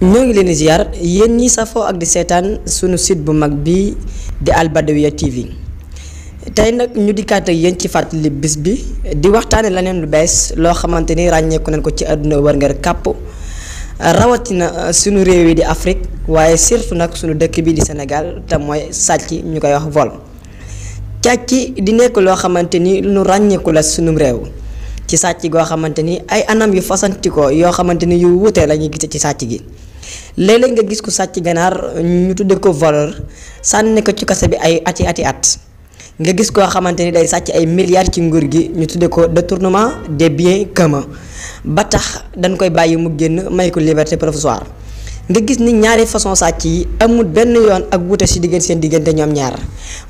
ñoo ngi leen di ziar yéen ñi safoo ak di seetaan sunu site bu mag bi di Albadawiya TV tey nag ñu dikkaat ak yéen ci fàttali bis bi di waxtaane leneen lu bees loo xamante ni ràññeeku nañ ko ci àdduna kàpp rawatina euh, sunu réew yi di Afrique waaye surtout nag sunu dëkk bi di Sénégal te mooy sàcc ñu koy wax vol càcc di nekk loo xamante ni lu ràññeeku la sunum réew ci sàcc goo xamante ay anam yu fasantikoo yoo xamante ni yu wuute la ñuy ci sàcc gi léeg nga gis ko sàcc ganaar ñu tuddee ko voleur sànni ko ci kaso bi ay ati ati at nga gis koo xamante ni day sàcc ay milliards ci nguur gi ñu tuddee ko détournement des biens communs ba tax dañ koy bàyyi mu génn may ko liberté provisoire nga gis ni ñaari façon sàcc yi amul benn yoon ak wute si diggante seen diggante ñoom ñaar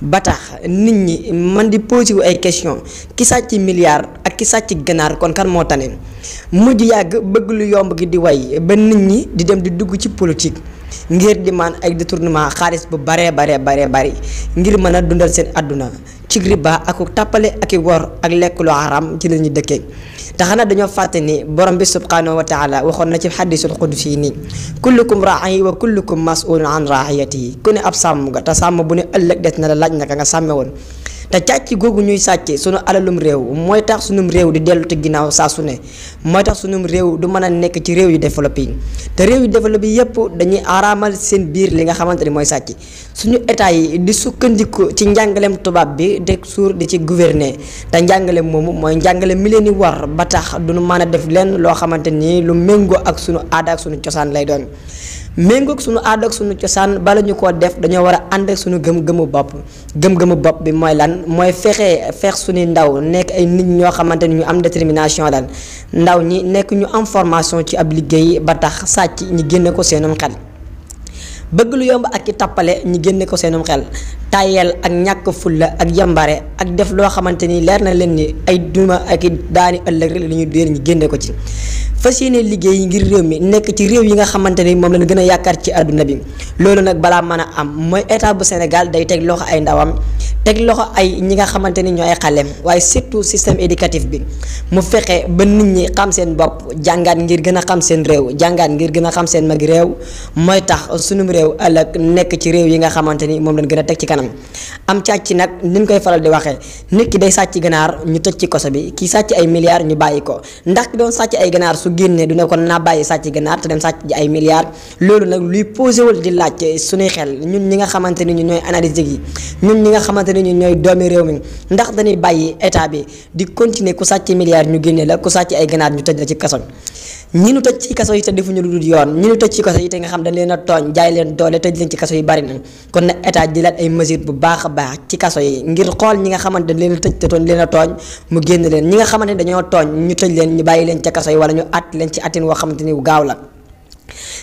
ba tax nit ñi man di posé wu ay question ki sàcc milliards ak ki sàcc ganaar kon kan moo tane mujj yàgg bëgg lu yomb gi di way ba nit ñi di dem di dugg ci politique ngir di man ay détournement xaalis bu baree baree baree bari ngir mën a dundal seen àdduna ci riba ak tàppale ak i wor ak lekk lu haram ci la ñu dëkkee te xanaa dañoo fàtte ni borom bi subhanahu wa taala waxoon na ci xadisul xudsi nii kullukum raayi wa kullukum masulun an yi ku ne ab sàmm nga sàmm bu ne ëllëg des na la laaj naka nga sàmme woon te càcc googu ñuy sàcc sunu alalum réew mooy tax sunum réew di dellu te ginnaaw saa su ne mooy tax sunum réew du mën a nekk ci réew yu développé yi te réew yu développé yépp dañuy araamal seen biir li nga xamante ni mooy sàcc suñu état yi di sukkandiku ci njàngaleem tubaab bi de suur di ci gouverner te njàngale moomu mooy njàngale mi leen di war ba tax duñu mën a def leen loo xamante ni lu méngoo ak suñu aada ak sunu cosaan lay doon méngoo sunu aada ak sunu cosaan bala ñu koo def dañoo war a ànd ak gëm-gëmu bopp gëm-gëmu bopp bi mooy lan mooy fexe fex suñuy ndaw nekk ay nit ñoo xamante ni ñu am détermination daal ndaw ñi nekk ñu am formation ci ab liggéey ba tax sàcc ñi génne ko seenum xel bëgg lu yomb ak i tappale ñi génne ko seenum xel tayel ak ñàkk fulla ak yambare ak def loo xamante ni leer na leen ni ay duma ak i daani ëllëg rek li ñu déer ñi génne ko ci fas yéene liggéey ngir réew mi nekk ci réew yi nga xamante ni moom lañ gën a yaakaar ci àdduna bi loolu nag balaa mën a am mooy état bu Sénégal day teg loxo ay ndawam teg loxo ay ñi nga xamante ni ñooy xaleem waaye surtout système éducatif bi mu fexe ba nit ñi xam seen bopp jàngaat ngir gën a xam seen réew jàngaat ngir gën a xam seen mag réew mooy tax sunu réew ëllëg nekk ci réew yi nga xamante ni moom lañ gën a teg ci kanam am càcc nag niñ koy faral di waxee nit ki day sàcc ganaar ñu tëj ci koso bi kii sàcc ay milliards ñu bàyyi ko ndax ki sàcc ay ganaar su génnee du ne kon naa bàyyi sàcc ganaar te dem sàcc ji ay milliards loolu nag luy posé wul di laaj suñuy xel ñun ñi nga xamante ni ñu ñooy analytique yi ñun ñi nga xamante ne ñun ñooy doomi réew mi ndax dañuy bàyyi état bi di continuer ku sàcc milliards ñu génnee la ku sàcc ay ganaar ñu tëj la ci kaso ñi ñu tëj ci kaso yi te defuñu lu dul yoon ñi ñu tëj ci kaso yi te nga xam dañ leen a tooñ jaay leen doole tëj leen ci kaso yi bari na kon na état jëlaat ay mesures bu baax a baax ci kaso yi ngir xool ñi nga xamante dañ leen a tëj tooñ mu génn leen ñi nga xamante ne dañoo tooñ ñu tëj leen ñu bàyyi leen ca kaso yi wala ñu at leen ci atin woo xamante ni gaaw la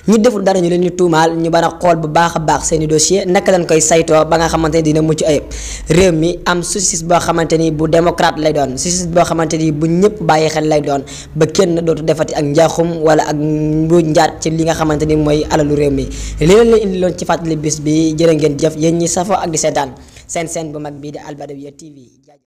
ñi deful dara ñu leen di tuumaal ñu bara xool bu baax a baax seen i dossier naka lañ koy saytoo ba nga xamante ni dina mucc ay réew mi am justice boo xamante ni bu démocrate lay doon justice boo xamante ni bu ñëpp bàyyi xel lay doon ba kenn dootu defati ak njaaxum wala ak mbuuj njaat ci li nga xamante ni mooy alalu réew mi li leen la indi ci fàttali bis bi jërë ngeen jëf yéen ñi safoo ak di seetaan seen seen bu mag bii di Al Badawiya TV